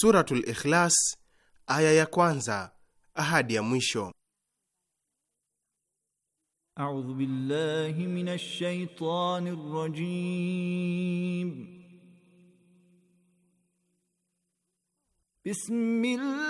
Suratul Ikhlas aya ya kwanza ahadi ya mwisho. A'udhu billahi minash shaitani rajim. Bismillah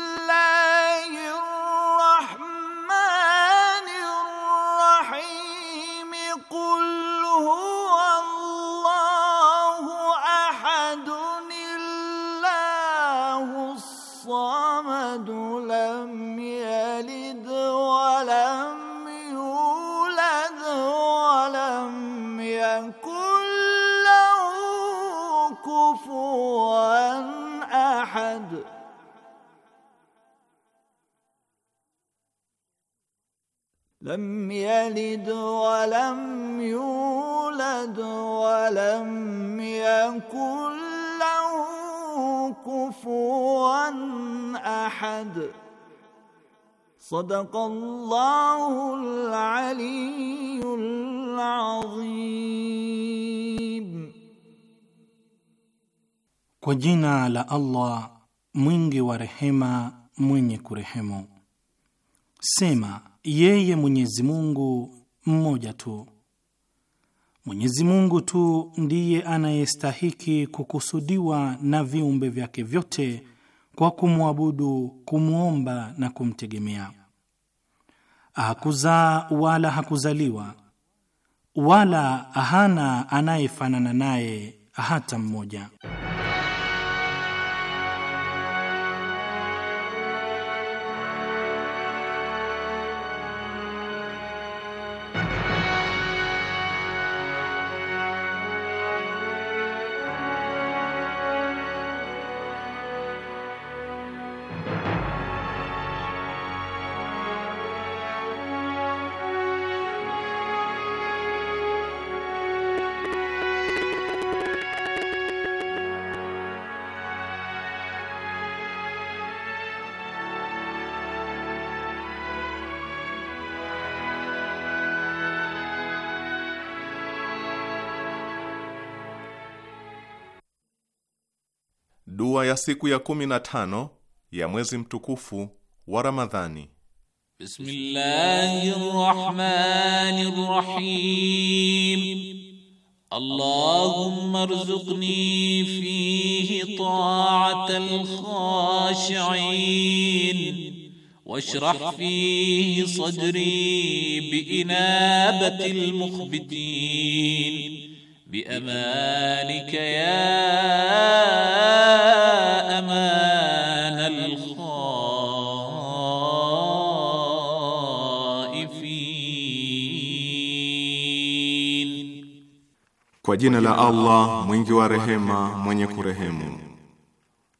life. لم يلد ولم يولد ولم يكن له كفوا احد صدق الله العلي العظيم وجينا على الله مينغي ورحمه مينك رحمه سيما yeye Mwenyezi Mungu mmoja tu. Mwenyezi Mungu tu ndiye anayestahiki kukusudiwa na viumbe vyake vyote kwa kumwabudu, kumwomba na kumtegemea. Hakuzaa wala hakuzaliwa wala hana anayefanana naye hata mmoja. ya siku ya kumi na tano ya mwezi mtukufu wa Ramadhani. Bismillahir Rahmanir Rahim. Allahumma rzuqni fihi ta'atal khashi'in واشرح فيه صدري بإنابة المخبتين بأمانك يا Kwa jina la Allah mwingi wa rehema, mwenye kurehemu.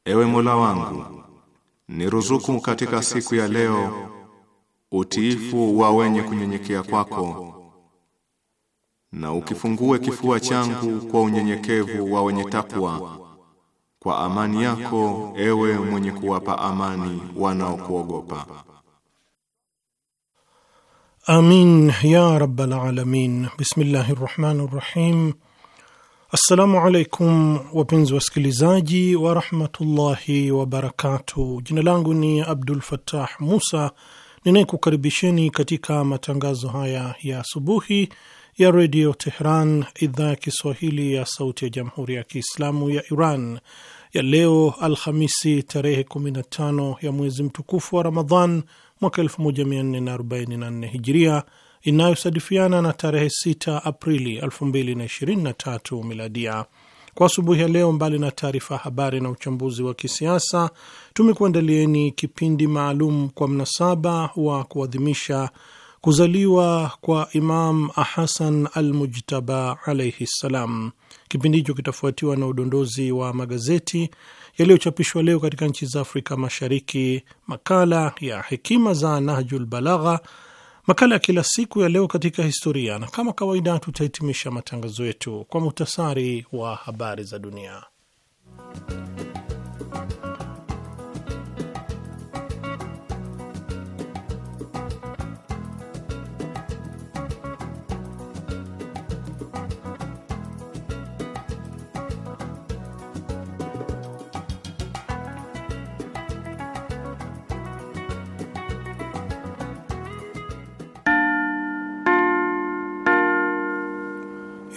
Ewe Mola wangu, niruzuku katika siku ya leo utiifu wa wenye kunyenyekea kwako, na ukifungue kifua changu kwa unyenyekevu wa wenye takwa, kwa amani yako, ewe mwenye kuwapa amani wanaokuogopa. Amin ya rabbal alamin. Bismillahir rahmanir rahim Assalamu alaikum wapenzi wasikilizaji warahmatullahi wabarakatuh. Jina langu ni Abdul fatah Musa ninayekukaribisheni katika matangazo haya ya asubuhi ya redio Tehran, idhaa ya Kiswahili ya sauti ya jamhuri ya Kiislamu ya Iran ya leo Alhamisi tarehe 15 ya mwezi mtukufu wa Ramadhan mwaka 1444 hijiria inayosadifiana na tarehe 6 Aprili 2023 miladia. Kwa asubuhi ya leo, mbali na taarifa ya habari na uchambuzi wa kisiasa, tumekuandalieni kipindi maalum kwa mnasaba wa kuadhimisha kuzaliwa kwa Imam Hasan al Mujtaba alaihi ssalam. Kipindi hicho kitafuatiwa na udondozi wa magazeti yaliyochapishwa leo katika nchi za Afrika Mashariki, makala ya hekima za Nahjul Balagha makala ya kila siku ya leo katika historia, na kama kawaida tutahitimisha matangazo yetu kwa muhtasari wa habari za dunia.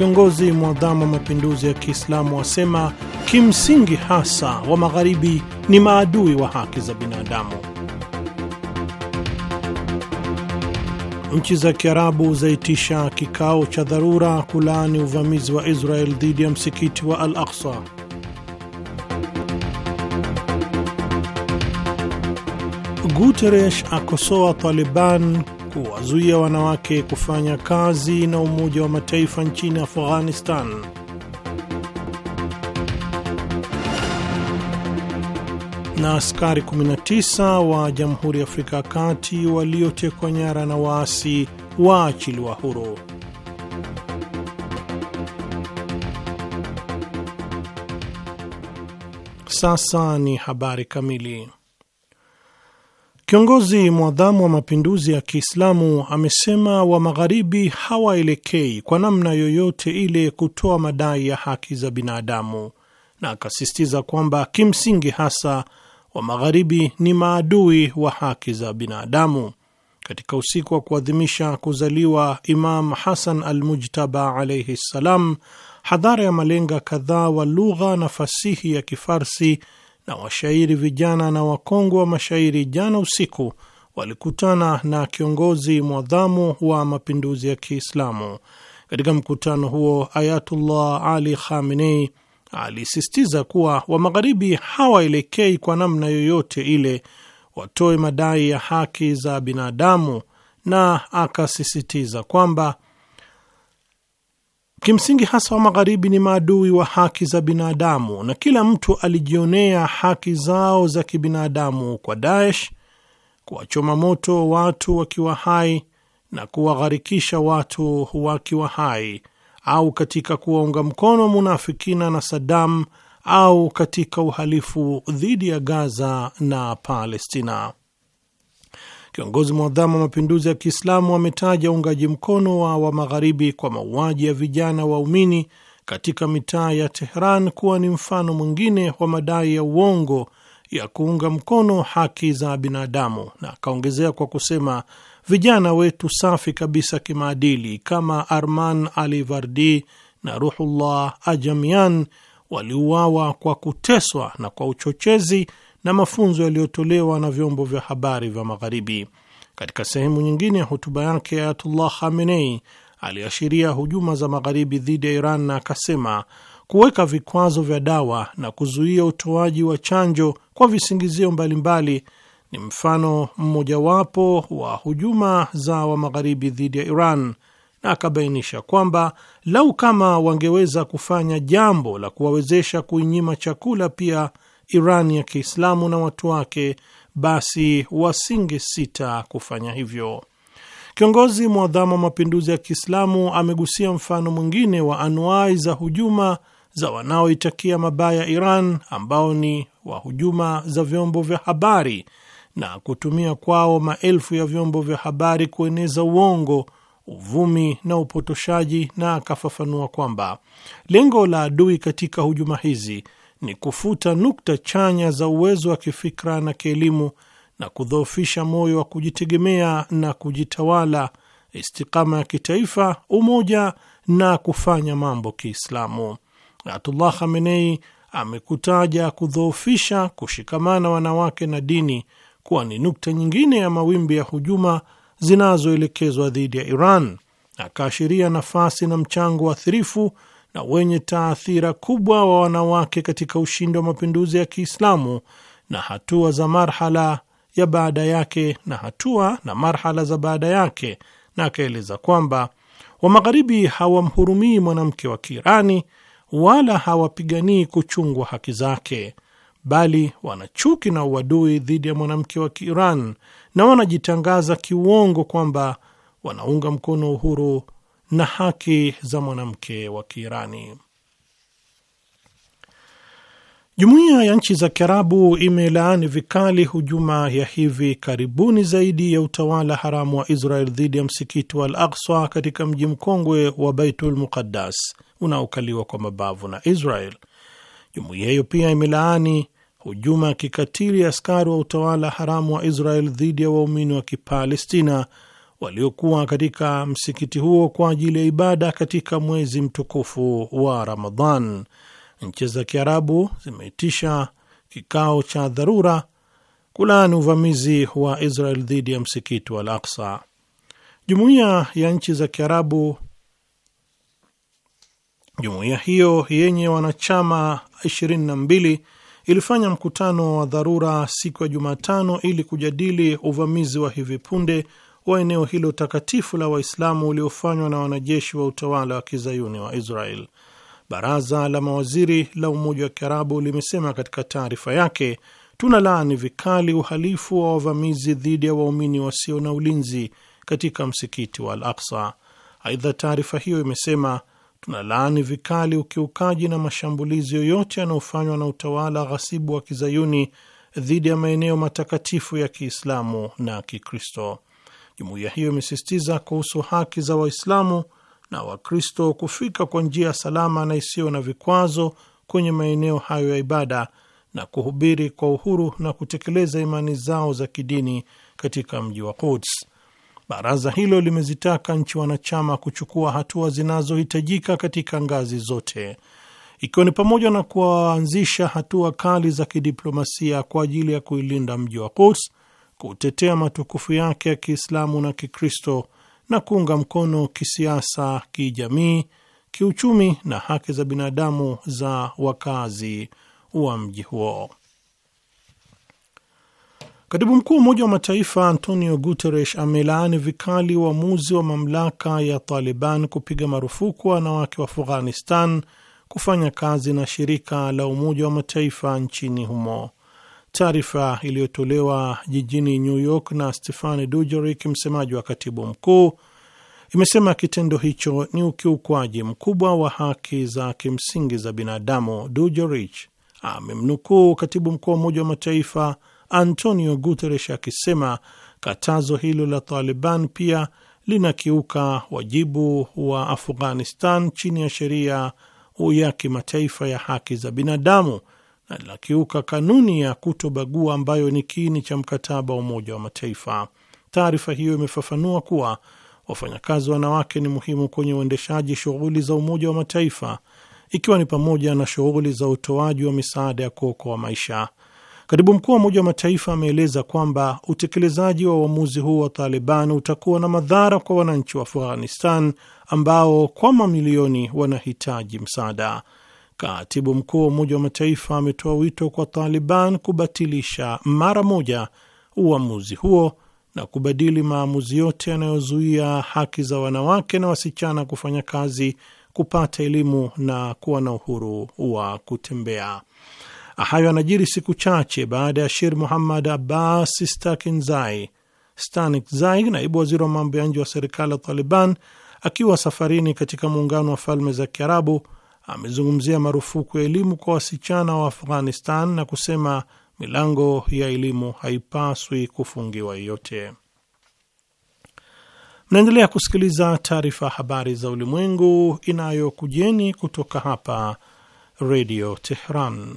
Kiongozi mwadhamu wa mapinduzi ya Kiislamu asema kimsingi hasa wa Magharibi ni maadui wa haki za binadamu. Nchi za Kiarabu zaitisha kikao cha dharura kulaani uvamizi wa Israel dhidi ya msikiti wa Al Aqsa. Guterres akosoa Taliban kuwazuia wanawake kufanya kazi na Umoja wa Mataifa nchini Afghanistan. Na askari 19 wa Jamhuri ya Afrika ya Kati waliotekwa nyara na waasi waachiliwa huru. Sasa ni habari kamili. Kiongozi mwadhamu wa mapinduzi ya Kiislamu amesema wa magharibi hawaelekei kwa namna yoyote ile kutoa madai ya haki za binadamu, na akasisitiza kwamba kimsingi hasa wa magharibi ni maadui wa haki za binadamu. Katika usiku wa kuadhimisha kuzaliwa Imam Hasan Almujtaba alaihi ssalam, hadhara ya malenga kadhaa wa lugha na fasihi ya Kifarsi na washairi vijana na wakongwe wa mashairi jana usiku walikutana na kiongozi mwadhamu wa mapinduzi ya Kiislamu. Katika mkutano huo, Ayatullah Ali Khamenei alisisitiza kuwa wa Magharibi hawaelekei kwa namna yoyote ile watoe madai ya haki za binadamu, na akasisitiza kwamba kimsingi hasa wa Magharibi ni maadui wa haki za binadamu na kila mtu alijionea haki zao za kibinadamu kwa Daesh kuwachoma moto watu wakiwa hai na kuwagharikisha watu wakiwa hai au katika kuwaunga mkono munafikina na Sadamu, au katika uhalifu dhidi ya Gaza na Palestina. Kiongozi mwadhamu wa mapinduzi ya Kiislamu ametaja uungaji mkono wa wa magharibi kwa mauaji ya vijana waumini katika mitaa ya Tehran kuwa ni mfano mwingine wa madai ya uongo ya kuunga mkono haki za binadamu, na akaongezea kwa kusema vijana wetu safi kabisa kimaadili kama Arman Ali Vardi na Ruhullah Ajamian waliuawa kwa kuteswa na kwa uchochezi na mafunzo yaliyotolewa na vyombo vya habari vya Magharibi. Katika sehemu nyingine ya hotuba yake, Ayatullah Khamenei aliashiria hujuma za Magharibi dhidi ya Iran na akasema kuweka vikwazo vya dawa na kuzuia utoaji wa chanjo kwa visingizio mbalimbali ni mfano mmojawapo wa hujuma za wa Magharibi dhidi ya Iran, na akabainisha kwamba lau kama wangeweza kufanya jambo la kuwawezesha kuinyima chakula pia Iran ya Kiislamu na watu wake, basi wasingesita kufanya hivyo. Kiongozi mwadhamu wa mapinduzi ya Kiislamu amegusia mfano mwingine wa anuai za hujuma za wanaoitakia mabaya Iran, ambao ni wa hujuma za vyombo vya habari na kutumia kwao maelfu ya vyombo vya habari kueneza uongo, uvumi na upotoshaji, na akafafanua kwamba lengo la adui katika hujuma hizi ni kufuta nukta chanya za uwezo wa kifikra na kielimu na kudhoofisha moyo wa kujitegemea na kujitawala, istikama ya kitaifa, umoja na kufanya mambo Kiislamu. Ayatullah Khamenei amekutaja kudhoofisha kushikamana wanawake na dini kuwa ni nukta nyingine ya mawimbi ya hujuma zinazoelekezwa dhidi ya Iran, akaashiria nafasi na mchango wa thirifu na wenye taathira kubwa wa wanawake katika ushindi wa mapinduzi ya Kiislamu na hatua za marhala ya baada yake na hatua na marhala za baada yake, na akaeleza kwamba wa Magharibi hawamhurumii mwanamke wa Kiirani wala hawapiganii kuchungwa haki zake, bali wana chuki na uadui dhidi ya mwanamke wa Kiiran na wanajitangaza kiuongo kwamba wanaunga mkono uhuru na haki za mwanamke wa Kiirani. Jumuiya ya nchi za Kiarabu imelaani vikali hujuma ya hivi karibuni zaidi ya utawala haramu wa Israel dhidi ya msikiti wa Al Aqsa katika mji mkongwe wa Baitul Muqaddas unaokaliwa kwa mabavu na Israel. Jumuiya hiyo pia imelaani hujuma ya kikatili askari wa utawala haramu wa Israel dhidi ya waumini wa Kipalestina waliokuwa katika msikiti huo kwa ajili ya ibada katika mwezi mtukufu wa Ramadhan. Nchi za Kiarabu zimeitisha kikao cha dharura kulaani uvamizi wa Israel dhidi ya msikiti wa Al-Aqsa. Jumuiya ya nchi za Kiarabu, jumuiya hiyo yenye wanachama 22 ilifanya mkutano wa dharura siku ya Jumatano ili kujadili uvamizi wa hivi punde wa eneo hilo takatifu la Waislamu uliofanywa na wanajeshi wa utawala wa kizayuni wa Israel. Baraza la mawaziri la Umoja wa Kiarabu limesema katika taarifa yake, tunalaani vikali uhalifu wa wavamizi dhidi ya waumini wasio na ulinzi katika msikiti wa Al Aksa. Aidha, taarifa hiyo imesema tunalaani vikali ukiukaji na mashambulizi yoyote yanayofanywa na utawala ghasibu wa kizayuni dhidi ya maeneo matakatifu ya Kiislamu na Kikristo. Jumuiya hiyo imesisitiza kuhusu haki za Waislamu na Wakristo kufika kwa njia salama na isiyo na vikwazo kwenye maeneo hayo ya ibada na kuhubiri kwa uhuru na kutekeleza imani zao za kidini katika mji wa Quds. Baraza hilo limezitaka nchi wanachama kuchukua hatua zinazohitajika katika ngazi zote, ikiwa ni pamoja na kuanzisha hatua kali za kidiplomasia kwa ajili ya kuilinda mji wa Quds kutetea matukufu yake ya Kiislamu na Kikristo na kuunga mkono kisiasa, kijamii, kiuchumi na haki za binadamu za wakazi wa mji huo. Katibu mkuu wa Umoja wa Mataifa Antonio Guterres amelaani vikali uamuzi wa, wa mamlaka ya Taliban kupiga marufuku wanawake wa Afghanistan kufanya kazi na shirika la Umoja wa Mataifa nchini humo. Taarifa iliyotolewa jijini New York na Stefani Dujerik, msemaji wa katibu mkuu, imesema kitendo hicho ni ukiukwaji mkubwa wa haki za kimsingi za binadamu. Dujerich amemnukuu katibu mkuu wa Umoja wa Mataifa Antonio Guterres akisema katazo hilo la Taliban pia linakiuka wajibu wa Afghanistan chini ya sheria ya kimataifa ya haki za binadamu alilakiuka kanuni ya kutobagua ambayo ni kiini cha mkataba wa Umoja wa Mataifa. Taarifa hiyo imefafanua kuwa wafanyakazi wanawake ni muhimu kwenye uendeshaji shughuli za Umoja wa Mataifa, ikiwa ni pamoja na shughuli za utoaji wa misaada ya kuokoa maisha. Katibu mkuu wa Umoja wa Mataifa ameeleza kwamba utekelezaji wa uamuzi huu wa Taliban utakuwa na madhara kwa wananchi wa Afghanistan ambao kwa mamilioni wanahitaji msaada. Katibu mkuu wa Umoja wa Mataifa ametoa wito kwa Taliban kubatilisha mara moja uamuzi huo na kubadili maamuzi yote yanayozuia haki za wanawake na wasichana kufanya kazi, kupata elimu na kuwa na uhuru wa kutembea. Hayo anajiri siku chache baada ya Shir Muhammad Abbas stakinzai Stanikzai, naibu waziri wa mambo ya nje wa serikali ya Taliban, akiwa safarini katika Muungano wa Falme za Kiarabu amezungumzia marufuku ya elimu kwa wasichana wa Afghanistan na kusema milango ya elimu haipaswi kufungiwa yote. Mnaendelea kusikiliza taarifa ya habari za ulimwengu inayokujeni kutoka hapa Redio Tehran.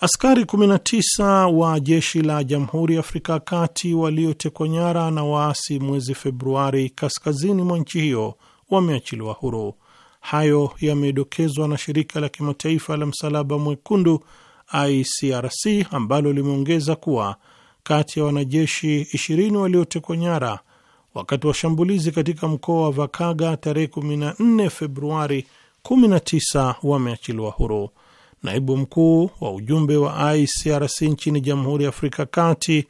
Askari 19 wa jeshi la Jamhuri ya Afrika ya Kati waliotekwa nyara na waasi mwezi Februari kaskazini mwa nchi hiyo wameachiliwa huru. Hayo yamedokezwa na shirika la kimataifa la msalaba mwekundu ICRC ambalo limeongeza kuwa kati ya wanajeshi 20 waliotekwa nyara wakati wa shambulizi katika mkoa wa Vakaga tarehe 14 Februari 19 wameachiliwa huru. Naibu mkuu wa ujumbe wa ICRC nchini Jamhuri ya Afrika Kati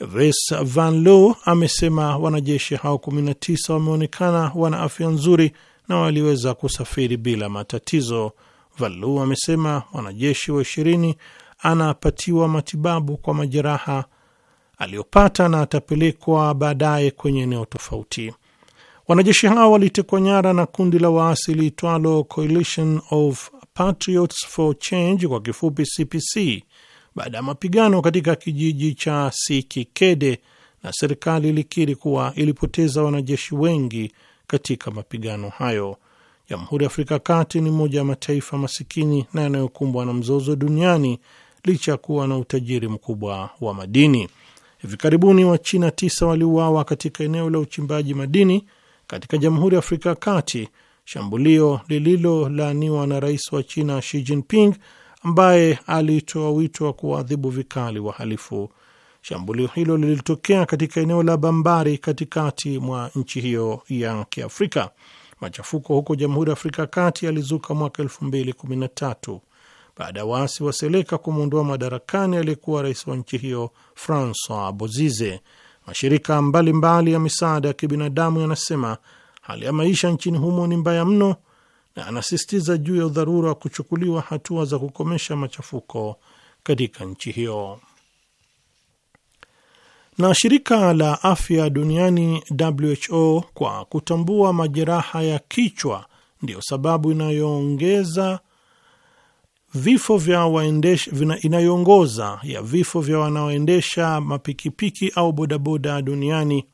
Ves Van Loo amesema wanajeshi hao 19 wameonekana wana afya nzuri na waliweza kusafiri bila matatizo. Valu amesema mwanajeshi wa ishirini anapatiwa matibabu kwa majeraha aliyopata na atapelekwa baadaye kwenye eneo tofauti. Wanajeshi hao walitekwa nyara na kundi la waasi liitwalo Coalition of Patriots for Change, kwa kifupi CPC, baada ya mapigano katika kijiji cha Sikikede, na serikali ilikiri kuwa ilipoteza wanajeshi wengi katika mapigano hayo. Jamhuri ya Afrika ya Kati ni moja ya mataifa masikini na yanayokumbwa na mzozo duniani licha ya kuwa na utajiri mkubwa wa madini. Hivi karibuni Wachina tisa waliuawa katika eneo la uchimbaji madini katika Jamhuri ya Afrika ya Kati, shambulio lililolaaniwa na rais wa China Xi Jinping ambaye alitoa wito wa kuwaadhibu vikali wahalifu. Shambulio hilo lilitokea katika eneo la Bambari katikati mwa nchi hiyo ya Kiafrika. Machafuko huko Jamhuri ya Afrika ya Kati yalizuka mwaka tatu baada ya waasi wa Seleka kumwondoa madarakani aliyekuwa rais wa nchi hiyo Francois Bozize. Mashirika mbalimbali mbali ya misaada ya kibinadamu yanasema hali ya maisha nchini humo ni mbaya mno, na anasisitiza juu ya udharura wa kuchukuliwa hatua za kukomesha machafuko katika nchi hiyo. Na shirika la afya duniani WHO kwa kutambua majeraha ya kichwa ndiyo sababu inayoongeza vifo vya waendesha inayoongoza ya vifo vya wanaoendesha mapikipiki au bodaboda duniani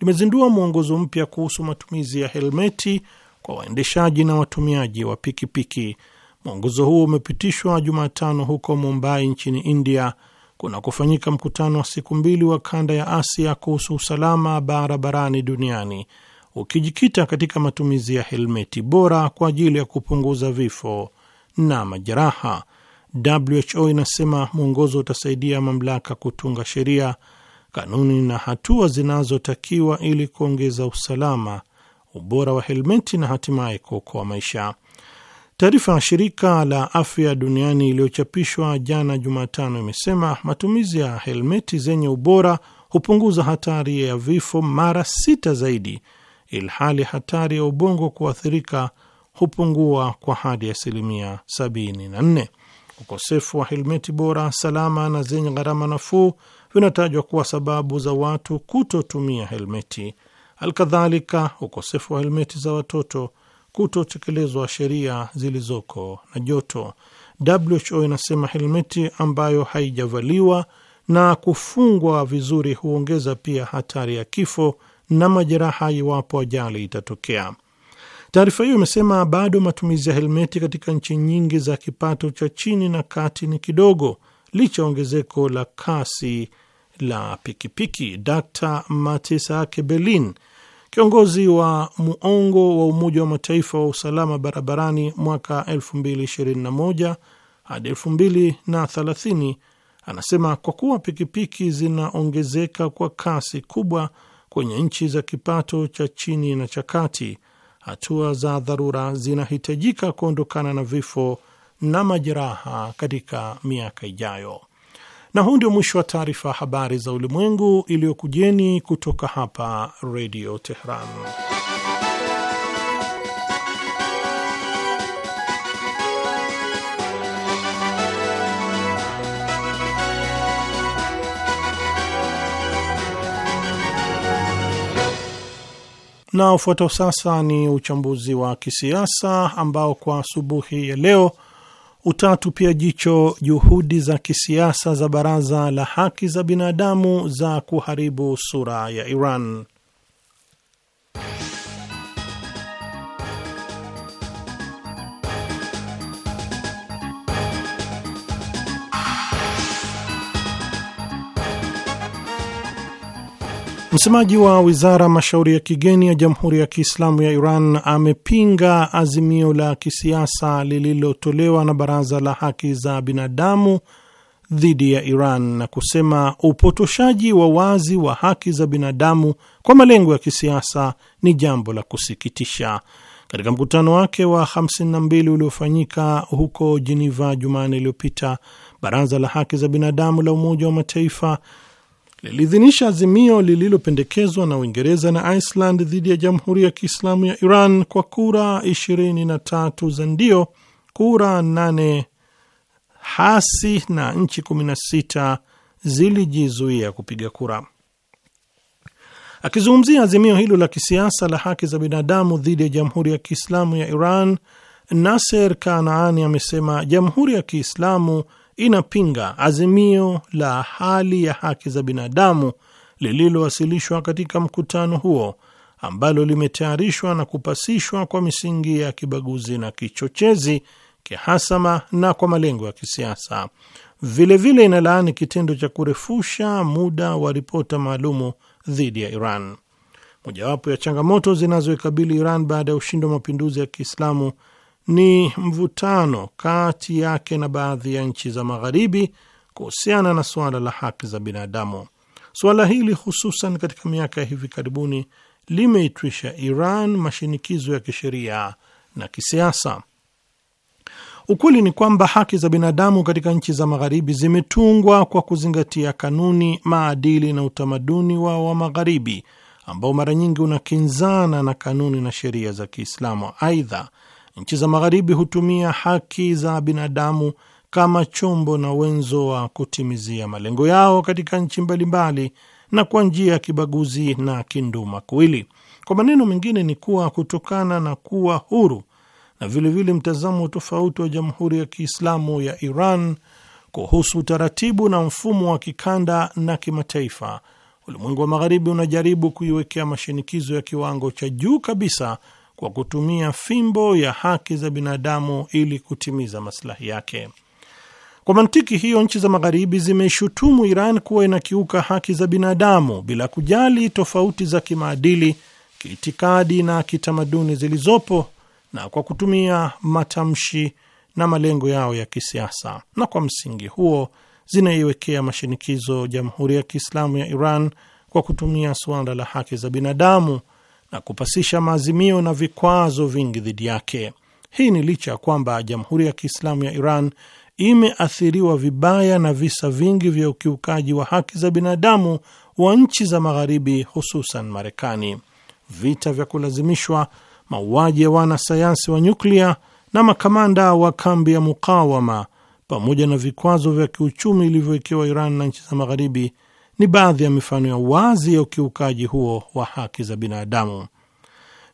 limezindua mwongozo mpya kuhusu matumizi ya helmeti kwa waendeshaji na watumiaji wa pikipiki. Mwongozo huo umepitishwa Jumatano huko Mumbai nchini India kuna kufanyika mkutano wa siku mbili wa kanda ya Asia kuhusu usalama barabarani duniani ukijikita katika matumizi ya helmeti bora kwa ajili ya kupunguza vifo na majeraha. WHO inasema mwongozo utasaidia mamlaka kutunga sheria, kanuni na hatua zinazotakiwa ili kuongeza usalama, ubora wa helmeti na hatimaye kuokoa maisha. Taarifa ya shirika la afya duniani iliyochapishwa jana Jumatano imesema matumizi ya helmeti zenye ubora hupunguza hatari ya vifo mara sita zaidi, ilhali hatari ya ubongo kuathirika hupungua kwa hadi asilimia 74. Ukosefu wa helmeti bora, salama na zenye gharama nafuu vinatajwa kuwa sababu za watu kutotumia helmeti. Alkadhalika, ukosefu wa helmeti za watoto kutotekelezwa sheria zilizoko na joto. WHO inasema helmeti ambayo haijavaliwa na kufungwa vizuri huongeza pia hatari ya kifo na majeraha iwapo ajali itatokea. Taarifa hiyo imesema bado matumizi ya helmeti katika nchi nyingi za kipato cha chini na kati ni kidogo licha ya ongezeko la kasi la pikipiki. Dr Matisake Berlin Kiongozi wa muongo wa Umoja wa Mataifa wa usalama barabarani mwaka 2021 hadi 2030 anasema kwa kuwa pikipiki zinaongezeka kwa kasi kubwa kwenye nchi za kipato cha chini na cha kati, hatua za dharura zinahitajika kuondokana na vifo na majeraha katika miaka ijayo. Na huu ndio mwisho wa taarifa ya habari za ulimwengu iliyokujeni kutoka hapa Redio Teheran. Na ufuatao sasa ni uchambuzi wa kisiasa ambao kwa asubuhi ya leo utatupia jicho juhudi za kisiasa za Baraza la Haki za Binadamu za kuharibu sura ya Iran. Msemaji wa wizara mashauri ya kigeni ya Jamhuri ya Kiislamu ya Iran amepinga azimio la kisiasa lililotolewa na Baraza la Haki za Binadamu dhidi ya Iran na kusema upotoshaji wa wazi wa haki za binadamu kwa malengo ya kisiasa ni jambo la kusikitisha. Katika mkutano wake wa 52 uliofanyika huko Jeneva Jumanne iliyopita, Baraza la Haki za Binadamu la Umoja wa Mataifa liliidhinisha azimio lililopendekezwa na Uingereza na Iceland dhidi ya Jamhuri ya Kiislamu ya Iran kwa kura 23 za ndio, kura 8 hasi na nchi 16 zilijizuia kupiga kura. Akizungumzia azimio hilo la kisiasa la haki za binadamu dhidi ya Jamhuri ya Kiislamu ya Iran, Nasser Kanaani amesema Jamhuri ya Kiislamu inapinga azimio la hali ya haki za binadamu lililowasilishwa katika mkutano huo ambalo limetayarishwa na kupasishwa kwa misingi ya kibaguzi na kichochezi, kihasama na kwa malengo ya kisiasa. Vilevile inalaani kitendo cha kurefusha muda wa ripota maalumu dhidi ya Iran. Mojawapo ya changamoto zinazoikabili Iran baada ya ushindi wa mapinduzi ya Kiislamu ni mvutano kati yake na baadhi ya nchi za Magharibi kuhusiana na suala la haki za binadamu. Suala hili hususan katika miaka ya hivi karibuni limeitwisha Iran mashinikizo ya kisheria na kisiasa. Ukweli ni kwamba haki za binadamu katika nchi za Magharibi zimetungwa kwa kuzingatia kanuni, maadili na utamaduni wao wa Magharibi ambao mara nyingi unakinzana na kanuni na sheria za Kiislamu. Aidha, Nchi za Magharibi hutumia haki za binadamu kama chombo na wenzo wa kutimizia malengo yao katika nchi mbalimbali na kwa njia ya kibaguzi na kinduma kwili Kwa maneno mengine, ni kuwa kutokana na kuwa huru na vilevile mtazamo tofauti wa Jamhuri ya Kiislamu ya Iran kuhusu utaratibu na mfumo wa kikanda na kimataifa, ulimwengu wa Magharibi unajaribu kuiwekea mashinikizo ya kiwango cha juu kabisa kwa kutumia fimbo ya haki za binadamu ili kutimiza maslahi yake. Kwa mantiki hiyo, nchi za Magharibi zimeshutumu Iran kuwa inakiuka haki za binadamu bila kujali tofauti za kimaadili, kiitikadi na kitamaduni zilizopo na kwa kutumia matamshi na malengo yao ya kisiasa, na kwa msingi huo zinaiwekea mashinikizo Jamhuri ya Kiislamu ya Iran kwa kutumia suala la haki za binadamu na kupasisha maazimio na vikwazo vingi dhidi yake. Hii ni licha ya kwamba Jamhuri ya Kiislamu ya Iran imeathiriwa vibaya na visa vingi vya ukiukaji wa haki za binadamu wa nchi za Magharibi, hususan Marekani. Vita vya kulazimishwa, mauaji ya wanasayansi wa nyuklia na makamanda wa kambi ya mukawama, pamoja na vikwazo vya kiuchumi ilivyowekewa Iran na nchi za Magharibi ni baadhi ya mifano ya wazi ya ukiukaji huo wa haki za binadamu.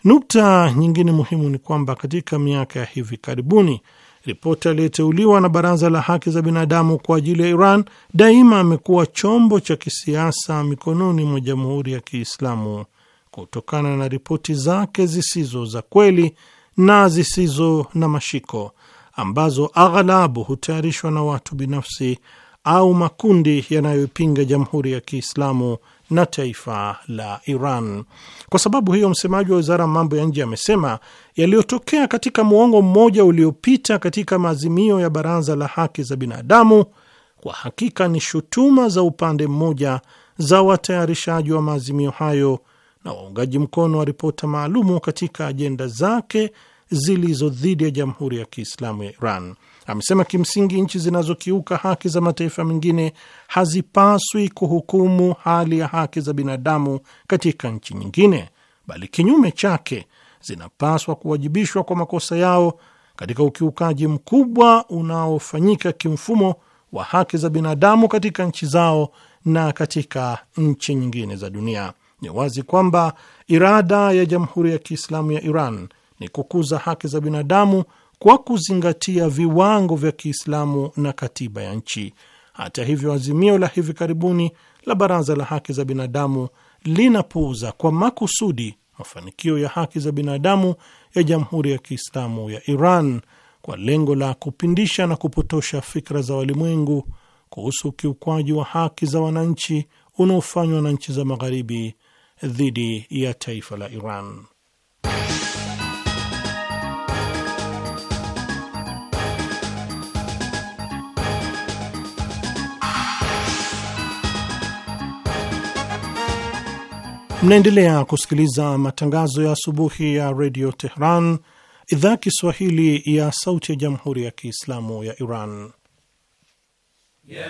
Nukta nyingine muhimu ni kwamba katika miaka ya hivi karibuni, ripoti aliyeteuliwa na Baraza la Haki za Binadamu kwa ajili ya Iran daima amekuwa chombo cha kisiasa mikononi mwa Jamhuri ya Kiislamu kutokana na ripoti zake zisizo za kweli na zisizo na mashiko ambazo aghalabu hutayarishwa na watu binafsi au makundi yanayoipinga Jamhuri ya Kiislamu na taifa la Iran. Kwa sababu hiyo, msemaji wa wizara ya mambo ya nje amesema yaliyotokea katika muongo mmoja uliopita katika maazimio ya Baraza la Haki za Binadamu kwa hakika ni shutuma za upande mmoja za watayarishaji wa maazimio hayo na waungaji mkono wa ripota maalumu katika ajenda zake zilizo dhidi ya Jamhuri ya Kiislamu ya Iran. Amesema kimsingi nchi zinazokiuka haki za mataifa mengine hazipaswi kuhukumu hali ya haki za binadamu katika nchi nyingine, bali kinyume chake zinapaswa kuwajibishwa kwa makosa yao katika ukiukaji mkubwa unaofanyika kimfumo wa haki za binadamu katika nchi zao na katika nchi nyingine za dunia. Ni wazi kwamba irada ya Jamhuri ya Kiislamu ya Iran ni kukuza haki za binadamu kwa kuzingatia viwango vya Kiislamu na katiba ya nchi. Hata hivyo, azimio la hivi karibuni la Baraza la Haki za Binadamu linapuuza kwa makusudi mafanikio ya haki za binadamu ya Jamhuri ya Kiislamu ya Iran kwa lengo la kupindisha na kupotosha fikra za walimwengu kuhusu ukiukwaji wa haki za wananchi unaofanywa na nchi za Magharibi dhidi ya taifa la Iran. Mnaendelea kusikiliza matangazo ya asubuhi ya redio Tehran, idhaa Kiswahili ya sauti ya jamhuri ya Kiislamu ya Iran ya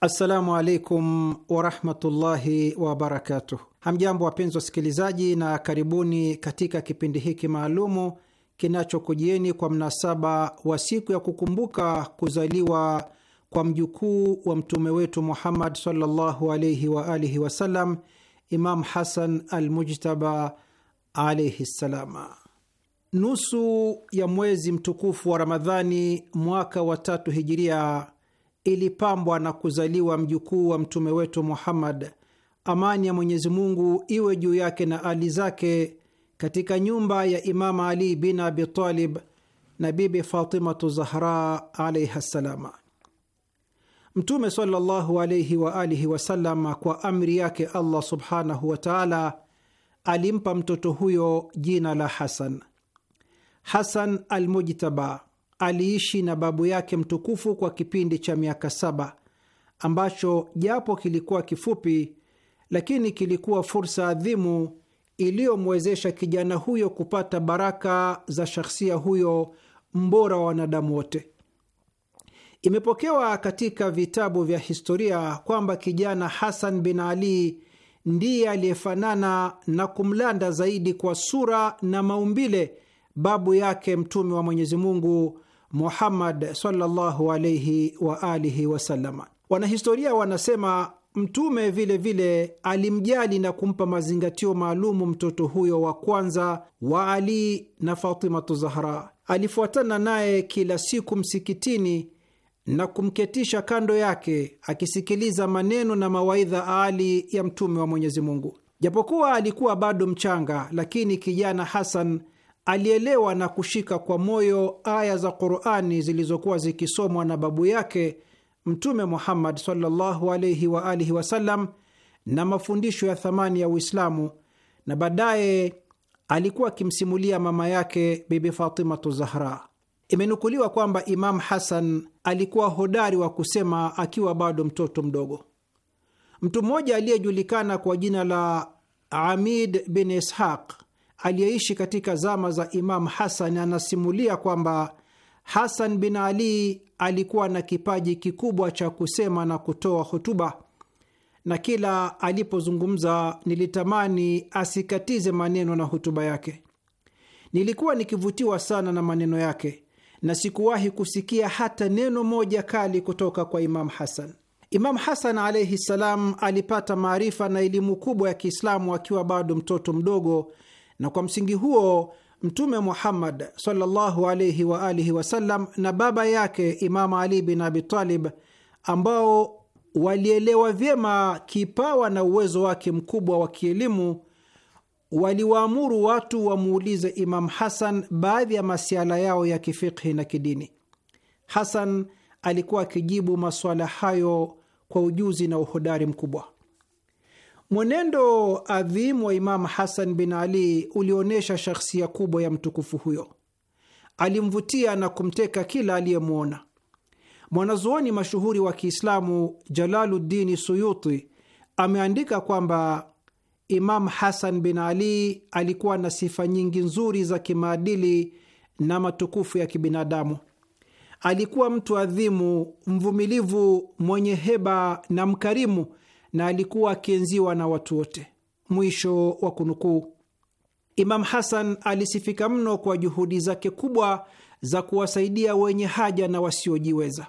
Assalamu alaikum warahmatullahi wabarakatuh. Hamjambo wapenzi wasikilizaji, na karibuni katika kipindi hiki maalumu kinachokujieni kwa mnasaba wa siku ya kukumbuka kuzaliwa kwa mjukuu wa mtume wetu Muhammad sallallahu alaihi wa Imam Hasan Almujtaba alaihi ssalama. Nusu ya mwezi mtukufu wa Ramadhani mwaka wa tatu hijiria ilipambwa na kuzaliwa mjukuu wa mtume wetu Muhammad, amani ya Mwenyezi Mungu iwe juu yake na ali zake, katika nyumba ya Imama Ali bin Abi Talib na Bibi Fatimatu Zahra alaihi ssalama. Mtume sallallahu wa alihi wasallam, kwa amri yake Allah subhanahu wa taala, alimpa mtoto huyo jina la Hasan. Hasan Almujtaba aliishi na babu yake mtukufu kwa kipindi cha miaka saba ambacho japo kilikuwa kifupi, lakini kilikuwa fursa adhimu iliyomwezesha kijana huyo kupata baraka za shakhsia huyo mbora wa wanadamu wote. Imepokewa katika vitabu vya historia kwamba kijana Hasan bin Ali ndiye aliyefanana na kumlanda zaidi kwa sura na maumbile babu yake Mtume wa Mwenyezi Mungu Muhammad sallallahu alaihi wa alihi wasalama. Wanahistoria wanasema Mtume vilevile vile alimjali na kumpa mazingatio maalumu mtoto huyo wa kwanza wa Ali na Fatimatu Zahra. Alifuatana naye kila siku msikitini na kumketisha kando yake akisikiliza maneno na mawaidha aali ya mtume wa Mwenyezi Mungu. Japokuwa alikuwa bado mchanga, lakini kijana Hasan alielewa na kushika kwa moyo aya za Qurani zilizokuwa zikisomwa na babu yake Mtume Muhammad sallallahu wa alihi wasallam na mafundisho ya thamani ya Uislamu, na baadaye alikuwa akimsimulia mama yake Bibi Fatimatu Zahra. Imenukuliwa kwamba Imam Hasan alikuwa hodari wa kusema akiwa bado mtoto mdogo. Mtu mmoja aliyejulikana kwa jina la Amid bin Ishaq aliyeishi katika zama za Imam Hasan anasimulia kwamba Hasan bin Ali alikuwa na kipaji kikubwa cha kusema na kutoa hotuba, na kila alipozungumza nilitamani asikatize maneno na hotuba yake. Nilikuwa nikivutiwa sana na maneno yake na sikuwahi kusikia hata neno moja kali kutoka kwa imam Hasan. Imamu Hasan alaihi ssalam alipata maarifa na elimu kubwa ya Kiislamu akiwa bado mtoto mdogo, na kwa msingi huo Mtume Muhammad sallallahu alaihi wa alihi wasallam na baba yake Imamu Ali bin Abitalib ambao walielewa vyema kipawa na uwezo wake mkubwa wa kielimu waliwaamuru watu wamuulize Imamu Hasan baadhi ya masiala yao ya kifikhi na kidini. Hasan alikuwa akijibu masuala hayo kwa ujuzi na uhodari mkubwa. Mwenendo adhimu wa Imamu Hasan bin Ali ulionyesha shakhsia kubwa ya mtukufu huyo. Alimvutia na kumteka kila aliyemwona. Mwanazuoni mashuhuri wa Kiislamu Jalaluddini Suyuti ameandika kwamba Imam Hasan bin Ali alikuwa na sifa nyingi nzuri za kimaadili na matukufu ya kibinadamu. Alikuwa mtu adhimu, mvumilivu, mwenye heba na mkarimu, na alikuwa akienziwa na watu wote. Mwisho wa kunukuu. Imam Hasan alisifika mno kwa juhudi zake kubwa za kuwasaidia wenye haja na wasiojiweza.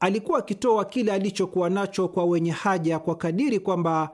Alikuwa akitoa kile alichokuwa nacho kwa wenye haja kwa kadiri kwamba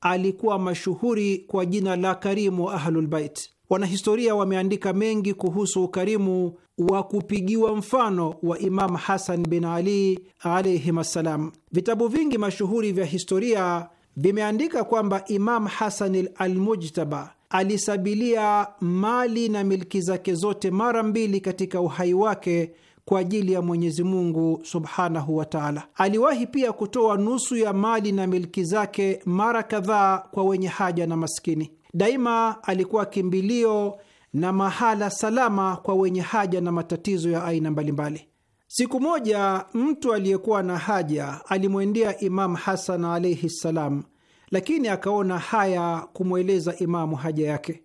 alikuwa mashuhuri kwa jina la Karimu Ahlulbait. Wanahistoria wameandika mengi kuhusu ukarimu wa kupigiwa mfano wa Imam Hasan bin Ali alaihim assalam. Vitabu vingi mashuhuri vya historia vimeandika kwamba Imam Hasan Almujtaba alisabilia mali na milki zake zote mara mbili katika uhai wake kwa ajili ya Mwenyezi Mungu subhanahu wa taala. Aliwahi pia kutoa nusu ya mali na milki zake mara kadhaa kwa wenye haja na maskini. Daima alikuwa kimbilio na mahala salama kwa wenye haja na matatizo ya aina mbalimbali. Siku moja mtu aliyekuwa na haja alimwendea Imamu Hasan alaihi ssalam, lakini akaona haya kumweleza Imamu haja yake.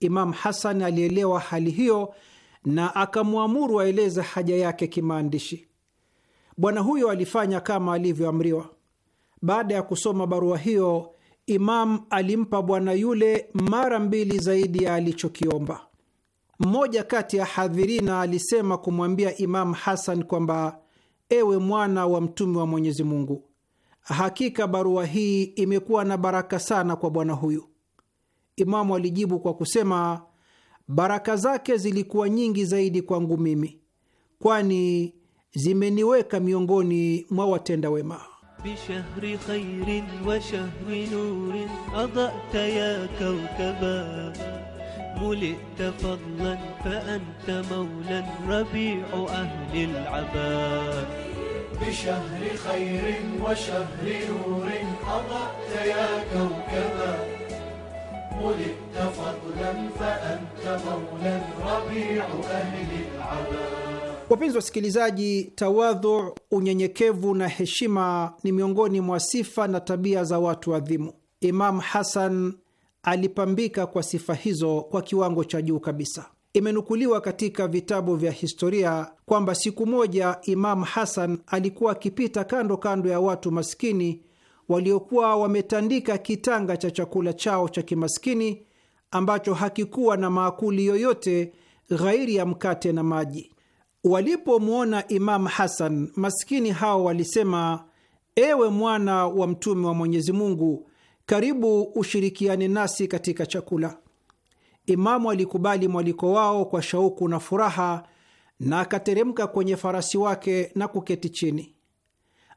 Imamu Hasan alielewa hali hiyo na akamwamuru aeleze haja yake kimaandishi. Bwana huyo alifanya kama alivyoamriwa. Baada ya kusoma barua hiyo, Imam alimpa bwana yule mara mbili zaidi ya alichokiomba. Mmoja kati ya hadhirina alisema kumwambia Imam Hasan kwamba ewe mwana wa mtume wa Mwenyezi Mungu, hakika barua hii imekuwa na baraka sana kwa bwana huyu. Imamu alijibu kwa kusema baraka zake zilikuwa nyingi zaidi kwangu mimi, kwani zimeniweka miongoni mwa watenda wema. Bishahri khairin wa shahri nurin ya kawkaba fadlan fa anta maulan rabiu ahli Bishahri khairin wa shahri nurin ya kawkaba ملئت فضلا فأنت مولى ربيع أهل العذاب Wapenzi wasikilizaji, tawadhu, unyenyekevu na heshima ni miongoni mwa sifa na tabia za watu adhimu. Imam Hasan alipambika kwa sifa hizo kwa kiwango cha juu kabisa. Imenukuliwa katika vitabu vya historia kwamba siku moja Imam Hasan alikuwa akipita kando kando ya watu maskini waliokuwa wametandika kitanga cha chakula chao cha kimaskini ambacho hakikuwa na maakuli yoyote ghairi ya mkate na maji. Walipomwona Imamu Hasan, maskini hao walisema, ewe mwana wa mtume wa Mwenyezi Mungu, karibu ushirikiane nasi katika chakula. Imamu alikubali mwaliko wao kwa shauku na furaha, na akateremka kwenye farasi wake na kuketi chini.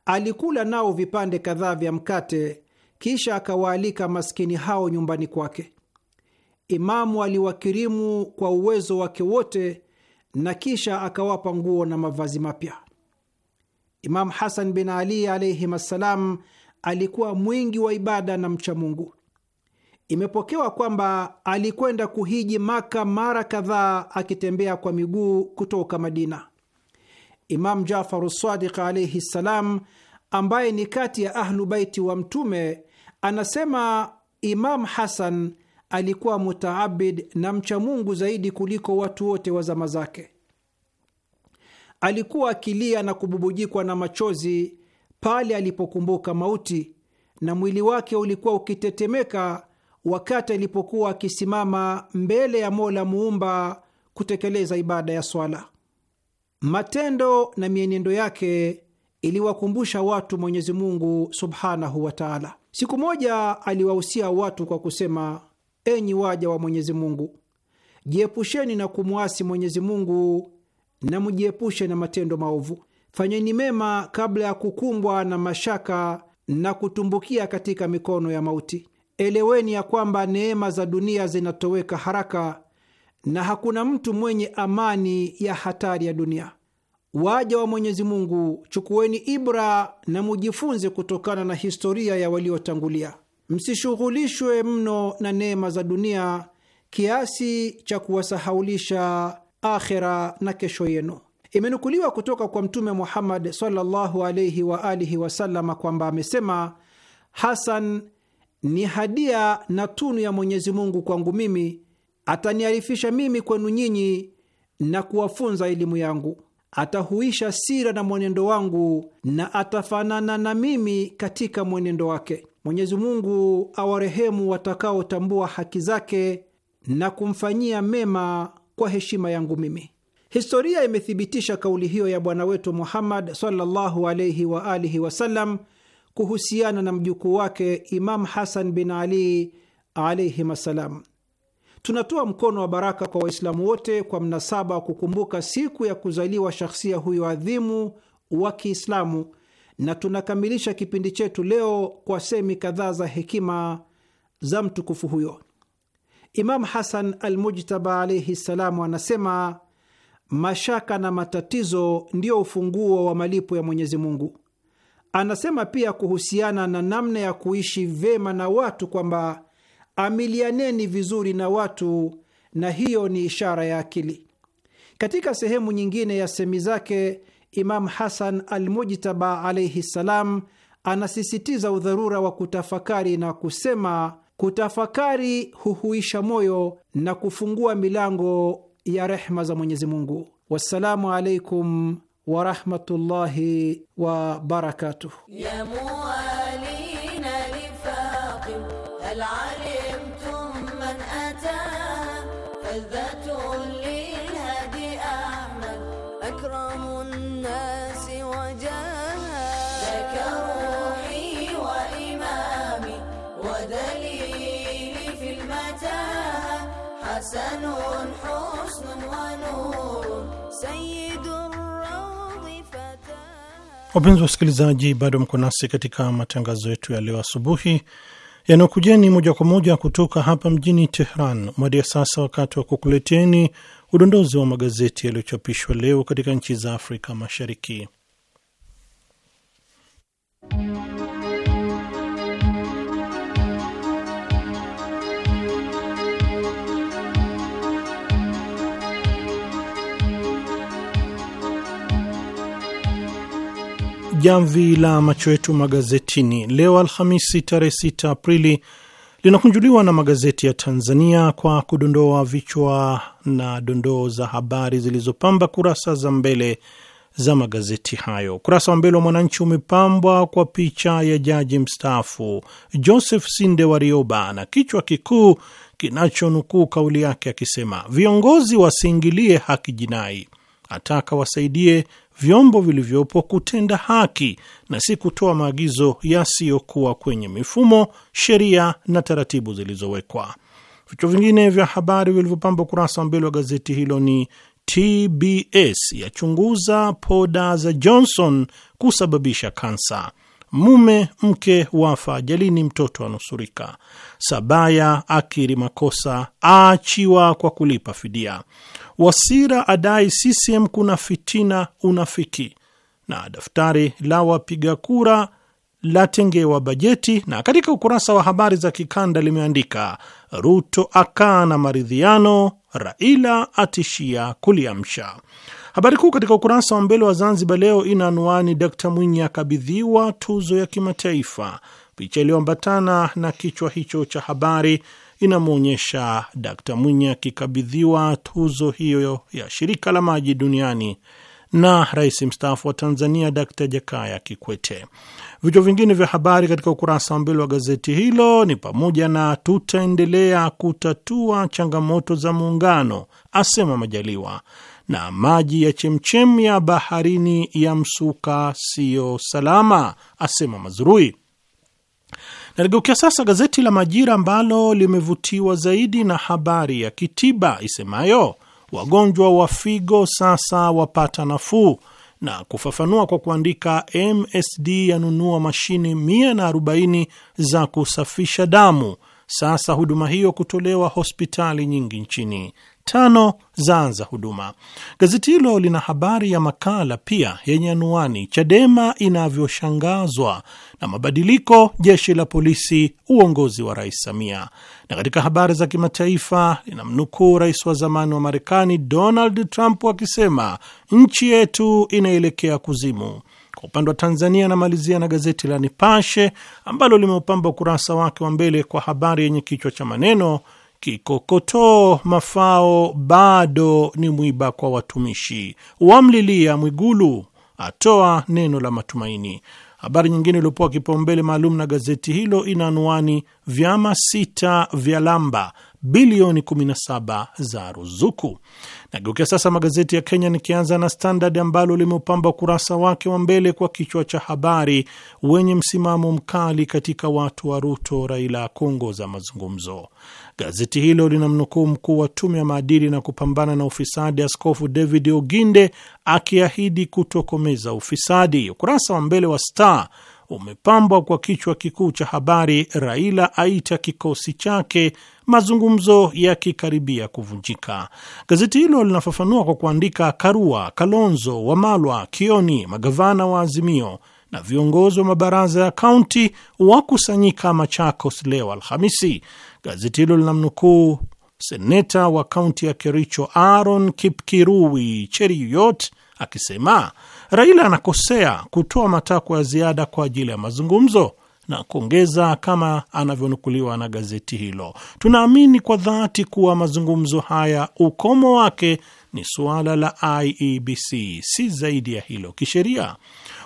Alikula nao vipande kadhaa vya mkate, kisha akawaalika maskini hao nyumbani kwake. Imamu aliwakirimu kwa uwezo wake wote na kisha akawapa nguo na mavazi mapya. Imamu Hasan bin Ali alaihi assalam alikuwa mwingi wa ibada na mcha Mungu. Imepokewa kwamba alikwenda kuhiji Maka mara kadhaa akitembea kwa miguu kutoka Madina. Imam Jafaru Sadiq alaihi ssalam, ambaye ni kati ya Ahlu Baiti wa Mtume, anasema Imam Hasan alikuwa mutaabid na mcha Mungu zaidi kuliko watu wote wa zama zake. Alikuwa akilia na kububujikwa na machozi pale alipokumbuka mauti, na mwili wake ulikuwa ukitetemeka wakati alipokuwa akisimama mbele ya Mola Muumba kutekeleza ibada ya swala matendo na mienendo yake iliwakumbusha watu Mwenyezi Mungu subhanahu wa taala. Siku moja aliwahusia watu kwa kusema, enyi waja wa Mwenyezi Mungu, jiepusheni na kumwasi Mwenyezi Mungu na mjiepushe na matendo maovu. Fanyeni mema kabla ya kukumbwa na mashaka na kutumbukia katika mikono ya mauti. Eleweni ya kwamba neema za dunia zinatoweka haraka na hakuna mtu mwenye amani ya hatari ya dunia. Waja wa Mwenyezi Mungu, chukueni ibra na mujifunze kutokana na historia ya waliotangulia. Msishughulishwe mno na neema za dunia kiasi cha kuwasahaulisha akhera na kesho yenu. Imenukuliwa kutoka kwa Mtume Muhammad sallallahu alaihi wa alihi kwamba amesema, Hasan ni hadia na tunu ya Mwenyezi Mungu kwangu mimi ataniarifisha mimi kwenu nyinyi na kuwafunza elimu yangu, atahuisha sira na mwenendo wangu na atafanana na mimi katika mwenendo wake. Mwenyezi Mungu awarehemu watakaotambua haki zake na kumfanyia mema kwa heshima yangu mimi. Historia imethibitisha kauli hiyo ya bwana wetu Muhammad sallallahu wa alihi wasallam kuhusiana na mjukuu wake Imam Hasan bin Ali alayhim assalam. Tunatoa mkono wa baraka kwa Waislamu wote kwa mnasaba wa kukumbuka siku ya kuzaliwa shahsia huyo adhimu wa Kiislamu, na tunakamilisha kipindi chetu leo kwa semi kadhaa za hekima za mtukufu huyo. Imam Hasan Almujtaba alaihi ssalamu anasema, mashaka na matatizo ndiyo ufunguo wa malipo ya Mwenyezi Mungu. Anasema pia kuhusiana na namna ya kuishi vyema na watu kwamba amilianeni vizuri na watu, na hiyo ni ishara ya akili. Katika sehemu nyingine ya semi zake, Imam Hasan Almujtaba alaihi ssalam anasisitiza udharura wa kutafakari na kusema, kutafakari huhuisha moyo na kufungua milango ya rehma za Mwenyezi Mungu. Wassalamu alaikum warahmatullahi wabarakatuh. wapenzi wa ونور wasikilizaji, bado mko nasi katika matangazo yetu ya leo asubuhi yanayokujeni moja kwa moja kutoka hapa mjini Tehran. ya sasa wakati wa kukuleteni udondozi wa magazeti yaliyochapishwa leo katika nchi za Afrika Mashariki. jamvi la macho yetu magazetini leo Alhamisi tarehe 6 Aprili linakunjuliwa na magazeti ya Tanzania kwa kudondoa vichwa na dondoo za habari zilizopamba kurasa za mbele za magazeti hayo. Ukurasa wa mbele wa Mwananchi umepambwa kwa picha ya jaji mstaafu Joseph Sinde Warioba na kichwa kikuu kinachonukuu kauli yake akisema, viongozi wasiingilie haki jinai, ataka wasaidie vyombo vilivyopo kutenda haki na si kutoa maagizo yasiyokuwa kwenye mifumo, sheria na taratibu zilizowekwa. Vichwa vingine vya habari vilivyopamba ukurasa wa mbele wa gazeti hilo ni TBS yachunguza poda za Johnson kusababisha kansa, mume mke wafa ajalini, mtoto anusurika, Sabaya akiri makosa aachiwa kwa kulipa fidia, Wasira adai CCM kuna fitina, unafiki, na daftari la wapiga kura latengewa bajeti. Na katika ukurasa wa habari za kikanda limeandika Ruto akaa na maridhiano, Raila atishia kuliamsha. Habari kuu katika ukurasa wa mbele wa Zanzibar Leo ina anwani Dkt Mwinyi akabidhiwa tuzo ya kimataifa. Picha iliyoambatana na kichwa hicho cha habari inamwonyesha Dkt Mwinyi akikabidhiwa tuzo hiyo ya shirika la maji duniani na rais mstaafu wa Tanzania Dkt Jakaya Kikwete. Vichwa vingine vya habari katika ukurasa wa mbele wa gazeti hilo ni pamoja na tutaendelea kutatua changamoto za muungano, asema Majaliwa, na maji ya chemchem ya baharini ya Msuka siyo salama, asema mazurui Naligeukia sasa gazeti la Majira ambalo limevutiwa zaidi na habari ya kitiba isemayo wagonjwa wa figo sasa wapata nafuu, na kufafanua kwa kuandika MSD yanunua mashine 140 za kusafisha damu, sasa huduma hiyo kutolewa hospitali nyingi nchini tano zaanza huduma. Gazeti hilo lina habari ya makala pia yenye anuani Chadema inavyoshangazwa na mabadiliko, jeshi la polisi, uongozi wa Rais Samia. Na katika habari za kimataifa linamnukuu rais wa zamani wa Marekani Donald Trump akisema nchi yetu inaelekea kuzimu. Kwa upande wa Tanzania anamalizia na gazeti la Nipashe ambalo limeupamba ukurasa wake wa mbele kwa habari yenye kichwa cha maneno kikokotoo mafao bado ni mwiba kwa watumishi, wamlilia Mwigulu atoa neno la matumaini. Habari nyingine iliyopewa kipaumbele maalum na gazeti hilo ina anwani vyama sita vya lamba bilioni 17 za ruzuku. Nageukia sasa magazeti ya Kenya, nikianza na Standard ambalo limeupamba ukurasa wake wa mbele kwa kichwa cha habari wenye msimamo mkali katika watu wa Ruto, Raila kuongoza mazungumzo. Gazeti hilo linamnukuu mkuu wa tume ya maadili na kupambana na ufisadi, Askofu David Oginde akiahidi kutokomeza ufisadi. Ukurasa wa mbele wa Star umepambwa kwa kichwa kikuu cha habari, Raila aita kikosi chake, mazungumzo yakikaribia kuvunjika. Gazeti hilo linafafanua kwa kuandika, Karua, Kalonzo, Wamalwa, Kioni, magavana wa Azimio na viongozi wa mabaraza ya kaunti wakusanyika Machakos leo Alhamisi. Gazeti hilo linamnukuu seneta wa kaunti ya Kericho Aaron Kipkirui Cheriyot akisema Raila anakosea kutoa matakwa ya ziada kwa ajili ya mazungumzo na kuongeza kama anavyonukuliwa na gazeti hilo, tunaamini kwa dhati kuwa mazungumzo haya ukomo wake ni suala la IEBC, si zaidi ya hilo. Kisheria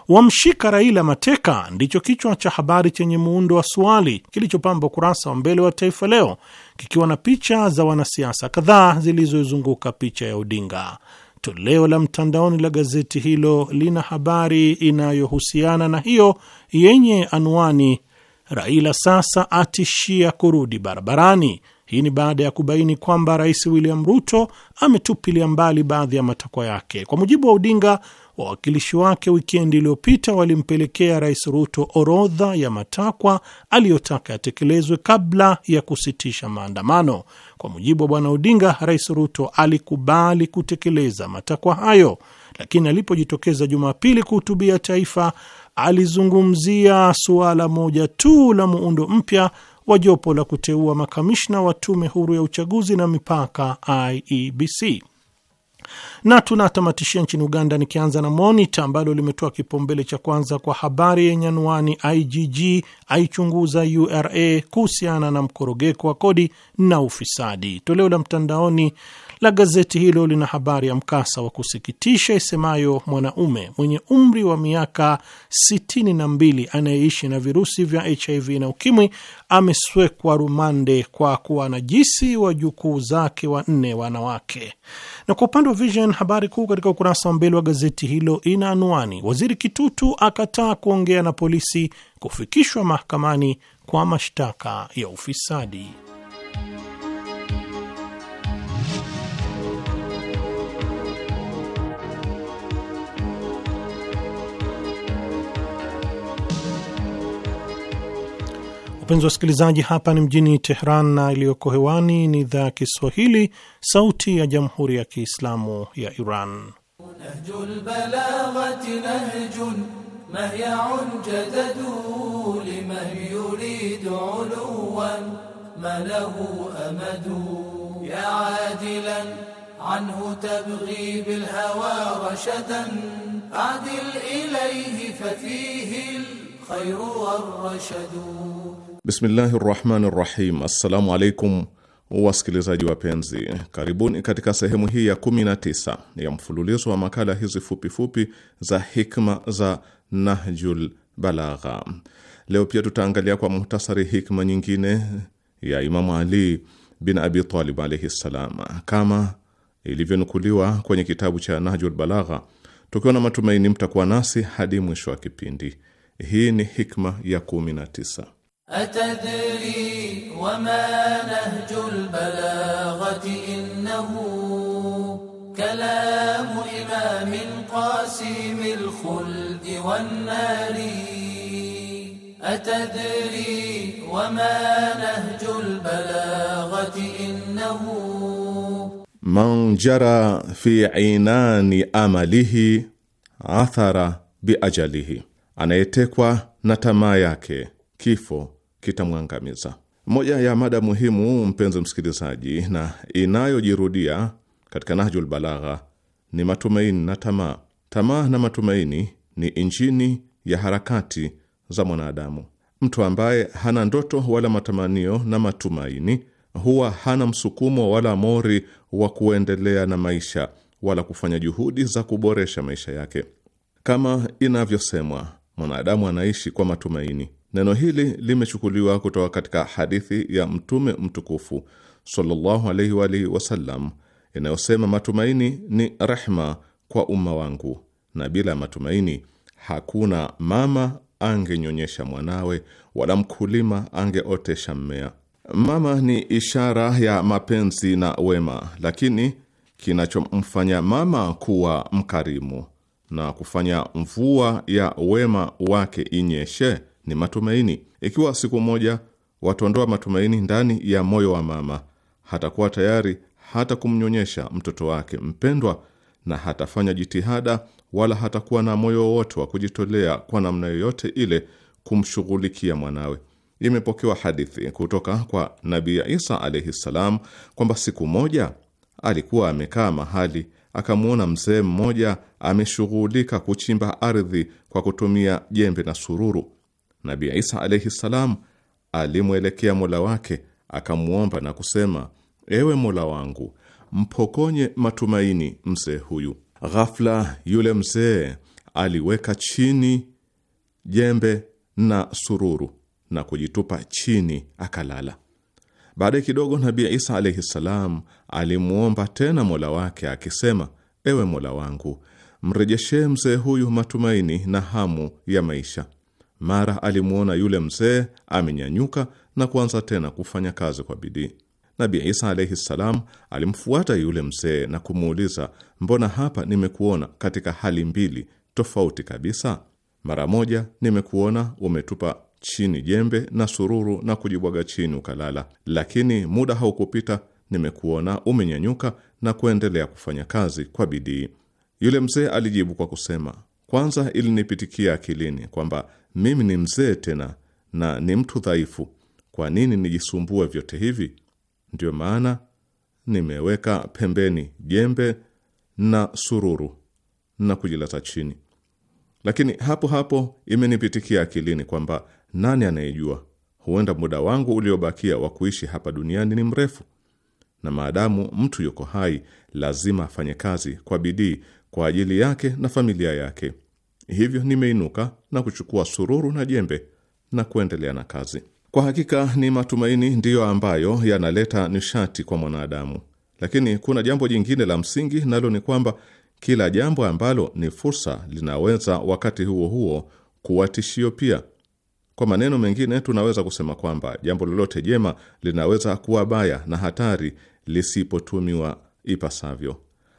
wamshika Raila mateka, ndicho kichwa cha habari chenye muundo wa swali kilichopamba ukurasa wa mbele wa Taifa Leo, kikiwa na picha za wanasiasa kadhaa zilizozunguka picha ya Odinga. Toleo la mtandaoni la gazeti hilo lina habari inayohusiana na hiyo yenye anwani Raila sasa atishia kurudi barabarani. Hii ni baada ya kubaini kwamba Rais William Ruto ametupilia mbali baadhi ya matakwa yake. Kwa mujibu wa Odinga, wawakilishi wake wikendi iliyopita walimpelekea Rais Ruto orodha ya matakwa aliyotaka yatekelezwe kabla ya kusitisha maandamano. Kwa mujibu wa Bwana Odinga, Rais Ruto alikubali kutekeleza matakwa hayo, lakini alipojitokeza Jumapili kuhutubia taifa alizungumzia suala moja tu la muundo mpya wa jopo la kuteua makamishna wa tume huru ya uchaguzi na mipaka IEBC. Na tunatamatishia nchini Uganda, nikianza na Monita ambalo limetoa kipaumbele cha kwanza kwa habari yenye anwani IGG aichunguza URA kuhusiana na mkorogeko wa kodi na ufisadi. Toleo la mtandaoni la gazeti hilo lina habari ya mkasa wa kusikitisha isemayo mwanaume mwenye umri wa miaka 62 anayeishi na virusi vya HIV na ukimwi ameswekwa rumande kwa kuwa najisi wajukuu zake wanne wanawake. Na kwa upande wa Vision, habari kuu katika ukurasa wa mbele wa gazeti hilo ina anwani, waziri Kitutu akataa kuongea na polisi, kufikishwa mahakamani kwa mashtaka ya ufisadi. Wapenzi wasikilizaji, hapa ni mjini Tehran na iliyoko hewani ni idhaa ya Kiswahili, Sauti ya Jamhuri ya Kiislamu ya Iran. Bismillahi rahmani rahim. Assalamu alaikum wasikilizaji wapenzi, karibuni katika sehemu hii ya 19 ya mfululizo wa makala hizi fupifupi fupi za hikma za Nahjul Balagha. Leo pia tutaangalia kwa muhtasari hikma nyingine ya Imamu Ali bin Abi Talib alaihi ssalam, kama ilivyonukuliwa kwenye kitabu cha Nahjul Balagha, tukiwa na matumaini mtakuwa nasi hadi mwisho wa kipindi. Hii ni hikma ya 19. أتدري وما نهج البلاغة إنه كلام إمام قاسم الخلد والنار أتدري وما نهج البلاغة إنه من جرى في عينان أمله عثر بأجله أنا يتكوى نتما yake kifo kitamwangamiza. Moja ya mada muhimu, mpenzi msikilizaji, na inayojirudia katika Nahjul Balagha ni matumaini na tamaa. Tamaa na matumaini ni injini ya harakati za mwanadamu. Mtu ambaye hana ndoto wala matamanio na matumaini huwa hana msukumo wala mori wa kuendelea na maisha wala kufanya juhudi za kuboresha maisha yake. Kama inavyosemwa, mwanadamu anaishi kwa matumaini. Neno hili limechukuliwa kutoka katika hadithi ya Mtume mtukufu sallallahu alaihi wa alihi wasallam inayosema, matumaini ni rehma kwa umma wangu, na bila matumaini hakuna mama angenyonyesha mwanawe wala mkulima angeotesha mmea. Mama ni ishara ya mapenzi na wema, lakini kinachomfanya mama kuwa mkarimu na kufanya mvua ya wema wake inyeshe ni matumaini. Ikiwa siku moja wataondoa matumaini ndani ya moyo wa mama, hatakuwa tayari hata kumnyonyesha mtoto wake mpendwa, na hatafanya jitihada wala hatakuwa na moyo wowote wa kujitolea kwa namna yoyote ile kumshughulikia mwanawe. Imepokewa hadithi kutoka kwa Nabii Isa alaihi ssalam kwamba siku moja alikuwa amekaa mahali akamwona mzee mmoja ameshughulika kuchimba ardhi kwa kutumia jembe na sururu. Nabii Isa alaihi ssalam alimwelekea mola wake akamwomba na kusema, ewe mola wangu, mpokonye matumaini mzee huyu. Ghafla yule mzee aliweka chini jembe na sururu na kujitupa chini akalala. Baadaye kidogo Nabii Isa alaihi ssalam alimwomba tena mola wake akisema, ewe mola wangu, mrejeshee mzee huyu matumaini na hamu ya maisha. Mara alimwona yule mzee amenyanyuka na kuanza tena kufanya kazi kwa bidii. Nabi Isa alaihi ssalam alimfuata yule mzee na kumuuliza, mbona hapa nimekuona katika hali mbili tofauti kabisa? Mara moja nimekuona umetupa chini jembe na sururu na kujibwaga chini ukalala, lakini muda haukupita nimekuona umenyanyuka na kuendelea kufanya kazi kwa bidii. Yule mzee alijibu kwa kusema, kwanza ilinipitikia akilini kwamba mimi ni mzee tena na ni mtu dhaifu, kwa nini nijisumbue vyote hivi? Ndiyo maana nimeweka pembeni jembe na sururu na kujilaza chini. Lakini hapo hapo imenipitikia akilini kwamba nani anayejua, huenda muda wangu uliobakia wa kuishi hapa duniani ni mrefu, na maadamu mtu yuko hai, lazima afanye kazi kwa bidii kwa ajili yake na familia yake. Hivyo nimeinuka na kuchukua sururu na jembe na kuendelea na kazi. Kwa hakika ni matumaini ndiyo ambayo yanaleta nishati kwa mwanadamu, lakini kuna jambo jingine la msingi, nalo ni kwamba kila jambo ambalo ni fursa linaweza wakati huo huo kuwa tishio pia. Kwa maneno mengine, tunaweza kusema kwamba jambo lolote jema linaweza kuwa baya na hatari lisipotumiwa ipasavyo.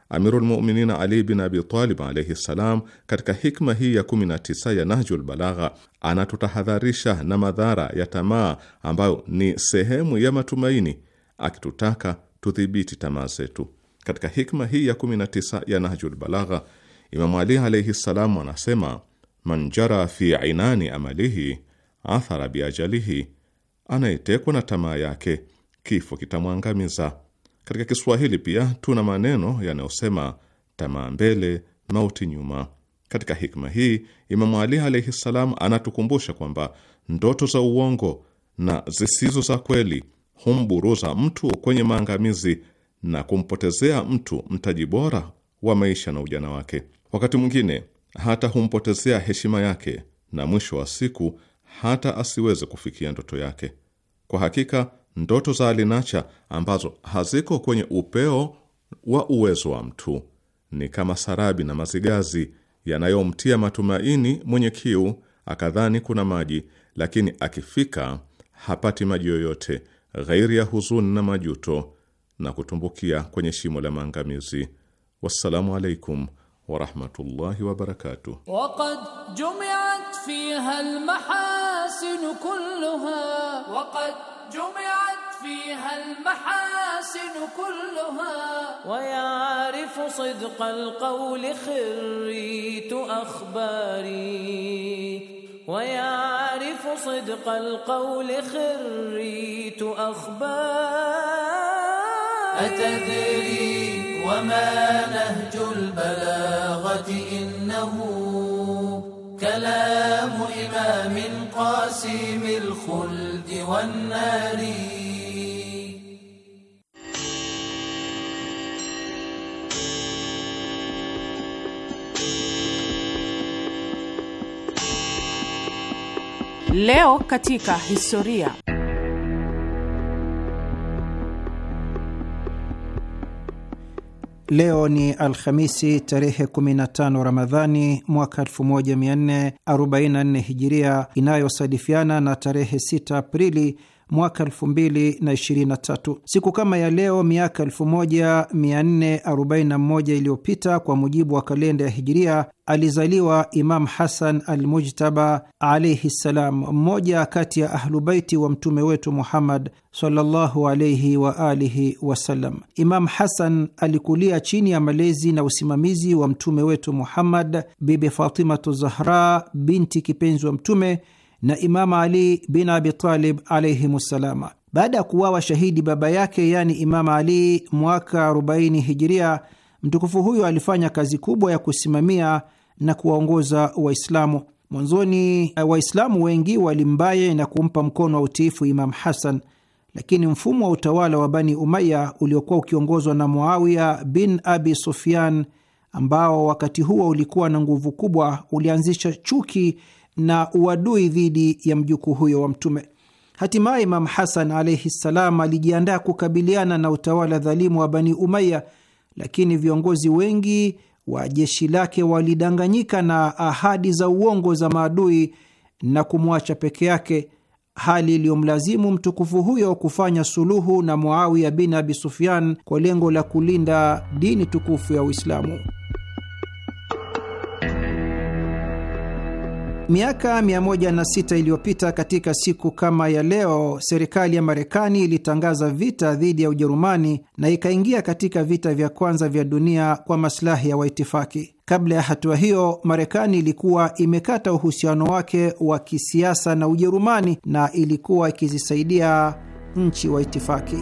Amirul Muminin Ali bin Abi Talib alaihi ssalam, katika hikma hii ya 19 ya Nahjul Balagha anatutahadharisha na madhara ya tamaa ambayo ni sehemu ya matumaini, akitutaka tudhibiti tamaa zetu. Katika hikma hii ya 19 ya Nahjul Balagha, Imamu Ali alaihi ssalam anasema: manjara fi inani amalihi athara biajalihi, anayetekwa na tamaa yake kifo kitamwangamiza. Katika Kiswahili pia tuna maneno yanayosema tamaa mbele, mauti nyuma. Katika hikma hii Imamu Ali alaihi ssalam anatukumbusha kwamba ndoto za uongo na zisizo za kweli humburuza mtu kwenye maangamizi na kumpotezea mtu mtaji bora wa maisha na ujana wake. Wakati mwingine hata humpotezea heshima yake, na mwisho wa siku hata asiweze kufikia ndoto yake. Kwa hakika ndoto za alinacha ambazo haziko kwenye upeo wa uwezo wa mtu ni kama sarabi na mazigazi yanayomtia matumaini mwenye kiu, akadhani kuna maji, lakini akifika hapati maji yoyote ghairi ya huzuni na majuto na kutumbukia kwenye shimo la maangamizi. Wassalamu alaikum ورحمة الله وبركاته وقد جمعت فيها المحاسن كلها وقد جمعت فيها المحاسن كلها ويعرف صدق القول خريت أخباري ويعرف صدق القول خريت أخباري أتدري وما نهج البلاغة إنه كلام إمام قاسم الخلد والنار Leo katika historia. Leo ni Alhamisi tarehe 15 Ramadhani mwaka 1444 hijiria inayosadifiana na tarehe 6 Aprili mwaka 2023. Siku kama ya leo miaka 1441 iliyopita kwa mujibu wa kalenda ya Hijiria alizaliwa Imam Hasan al mujtaba alaihi ssalam, mmoja kati ya Ahlubaiti wa mtume wetu Muhammad sallallahu alaihi wa alihi wasallam. Imam Hasan alikulia chini ya malezi na usimamizi wa mtume wetu Muhammad, Bibi Fatimatu Zahra, binti kipenzi wa mtume na Imama Ali bin Abitalib ssalama. Baada ya kuwawa shahidi baba yake, yani Imama Ali, mwaka 40 Hijiria, mtukufu huyo alifanya kazi kubwa ya kusimamia na kuwaongoza Waislamu. Mwanzoni eh, Waislamu wengi walimbaye na kumpa mkono wa utiifu imamu Hasan, lakini mfumo wa utawala wa Bani Umaya uliokuwa ukiongozwa na Muawiya bin Abi Sufyan, ambao wakati huo ulikuwa na nguvu kubwa, ulianzisha chuki na uadui dhidi ya mjukuu huyo wa Mtume. Hatimaye imam Hasan alaihi ssalam alijiandaa kukabiliana na utawala dhalimu wa Bani Umaya, lakini viongozi wengi wa jeshi lake walidanganyika na ahadi za uongo za maadui na kumwacha peke yake, hali iliyomlazimu mtukufu huyo kufanya suluhu na Muawiya bin Abi Sufyan kwa lengo la kulinda dini tukufu ya Uislamu. Miaka 106 iliyopita katika siku kama ya leo, serikali ya Marekani ilitangaza vita dhidi ya Ujerumani na ikaingia katika vita vya kwanza vya dunia kwa masilahi ya waitifaki. Kabla ya hatua hiyo, Marekani ilikuwa imekata uhusiano wake wa kisiasa na Ujerumani na ilikuwa ikizisaidia nchi waitifaki.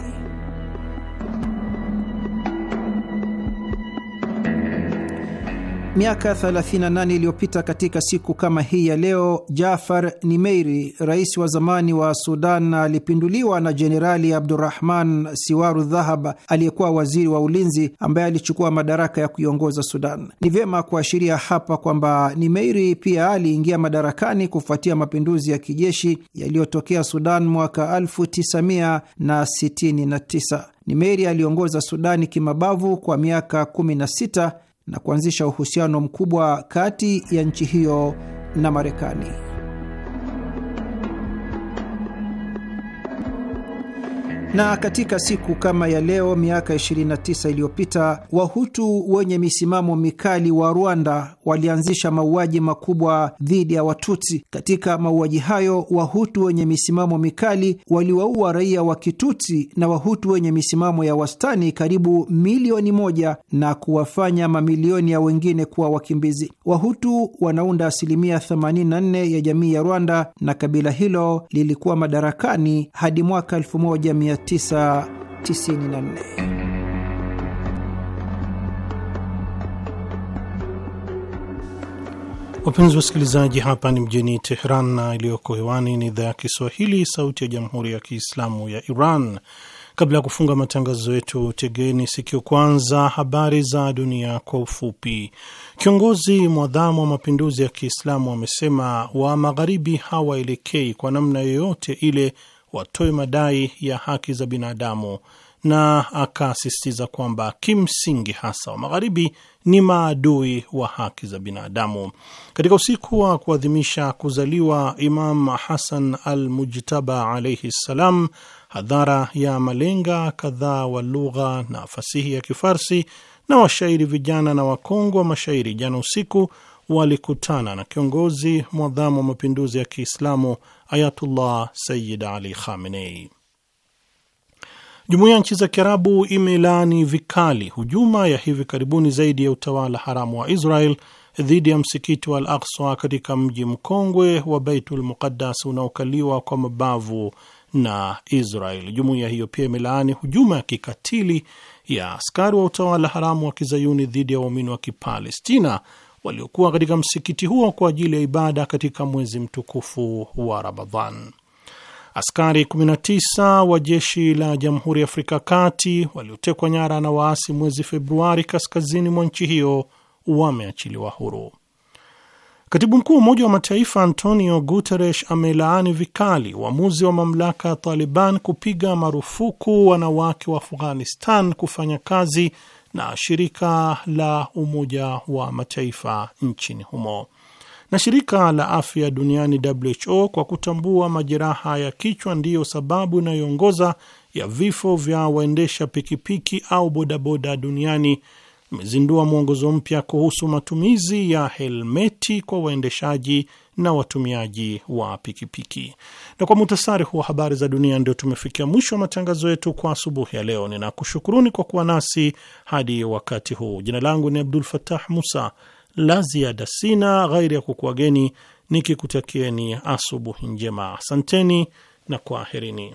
Miaka 38 iliyopita katika siku kama hii ya leo, Jafar Nimeiri, rais wa zamani wa Sudan, alipinduliwa na Jenerali Abdurahman Siwaru Dhahab, aliyekuwa waziri wa ulinzi, ambaye alichukua madaraka ya kuiongoza Sudan. Ni vyema kuashiria hapa kwamba Nimeiri pia aliingia madarakani kufuatia mapinduzi ya kijeshi yaliyotokea Sudan mwaka 1969. Nimeiri aliongoza Sudani kimabavu kwa miaka 16 na kuanzisha uhusiano mkubwa kati ya nchi hiyo na Marekani. Na katika siku kama ya leo miaka 29 iliyopita Wahutu wenye misimamo mikali wa Rwanda walianzisha mauaji makubwa dhidi ya Watutsi. Katika mauaji hayo, Wahutu wenye misimamo mikali waliwaua raia wa Kitutsi na Wahutu wenye misimamo ya wastani karibu milioni moja na kuwafanya mamilioni ya wengine kuwa wakimbizi. Wahutu wanaunda asilimia 84 ya jamii ya Rwanda na kabila hilo lilikuwa madarakani hadi mwaka 1 1994. Wapenzi wasikilizaji, hapa ni mjini Teheran na iliyoko hewani ni idhaa ya Kiswahili, Sauti ya Jamhuri ya Kiislamu ya Iran. Kabla ya kufunga matangazo yetu, tegeni sikio kwanza habari za dunia kwa ufupi. Kiongozi mwadhamu wa mapinduzi ya Kiislamu amesema wa Magharibi hawaelekei kwa namna yoyote ile watoe madai ya haki za binadamu, na akasisitiza kwamba kimsingi hasa wa Magharibi ni maadui wa haki za binadamu. Katika usiku wa kuadhimisha kuzaliwa Imam Hasan al Mujtaba alaihi ssalam, hadhara ya malenga kadhaa wa lugha na fasihi ya Kifarsi na washairi vijana na wakongwe wa mashairi jana usiku walikutana na kiongozi mwadhamu wa mapinduzi ya Kiislamu Ayatullah Sayyid Ali Khamenei. Jumuiya ya nchi za Kiarabu imelaani vikali hujuma ya hivi karibuni zaidi ya utawala haramu wa Israel dhidi ya msikiti wa Al Aqsa katika mji mkongwe wa Baitul Muqaddas unaokaliwa kwa mabavu na Israel. Jumuiya hiyo pia imelaani hujuma ya kikatili ya askari wa utawala haramu wa kizayuni dhidi ya waumini wa Kipalestina waliokuwa katika msikiti huo kwa ajili ya ibada katika mwezi mtukufu wa Ramadhan. Askari 19 wa jeshi la Jamhuri ya Afrika Kati waliotekwa nyara na waasi mwezi Februari kaskazini mwa nchi hiyo wameachiliwa huru. Katibu mkuu wa Umoja wa Mataifa Antonio Guterres amelaani vikali uamuzi wa mamlaka ya Taliban kupiga marufuku wanawake wa Afghanistan kufanya kazi na shirika la Umoja wa Mataifa nchini humo na shirika la afya duniani WHO kwa kutambua majeraha ya kichwa ndiyo sababu inayoongoza ya vifo vya waendesha pikipiki au bodaboda duniani imezindua mwongozo mpya kuhusu matumizi ya helmeti kwa waendeshaji na watumiaji wa pikipiki. Na kwa muhtasari huwa habari za dunia, ndio tumefikia mwisho wa matangazo yetu kwa asubuhi ya leo. Ninakushukuruni kwa kuwa nasi hadi wakati huu. Jina langu ni Abdul Fatah Musa. La ziada sina ghairi ya kukuageni nikikutakieni asubuhi njema. Asanteni na kwaherini.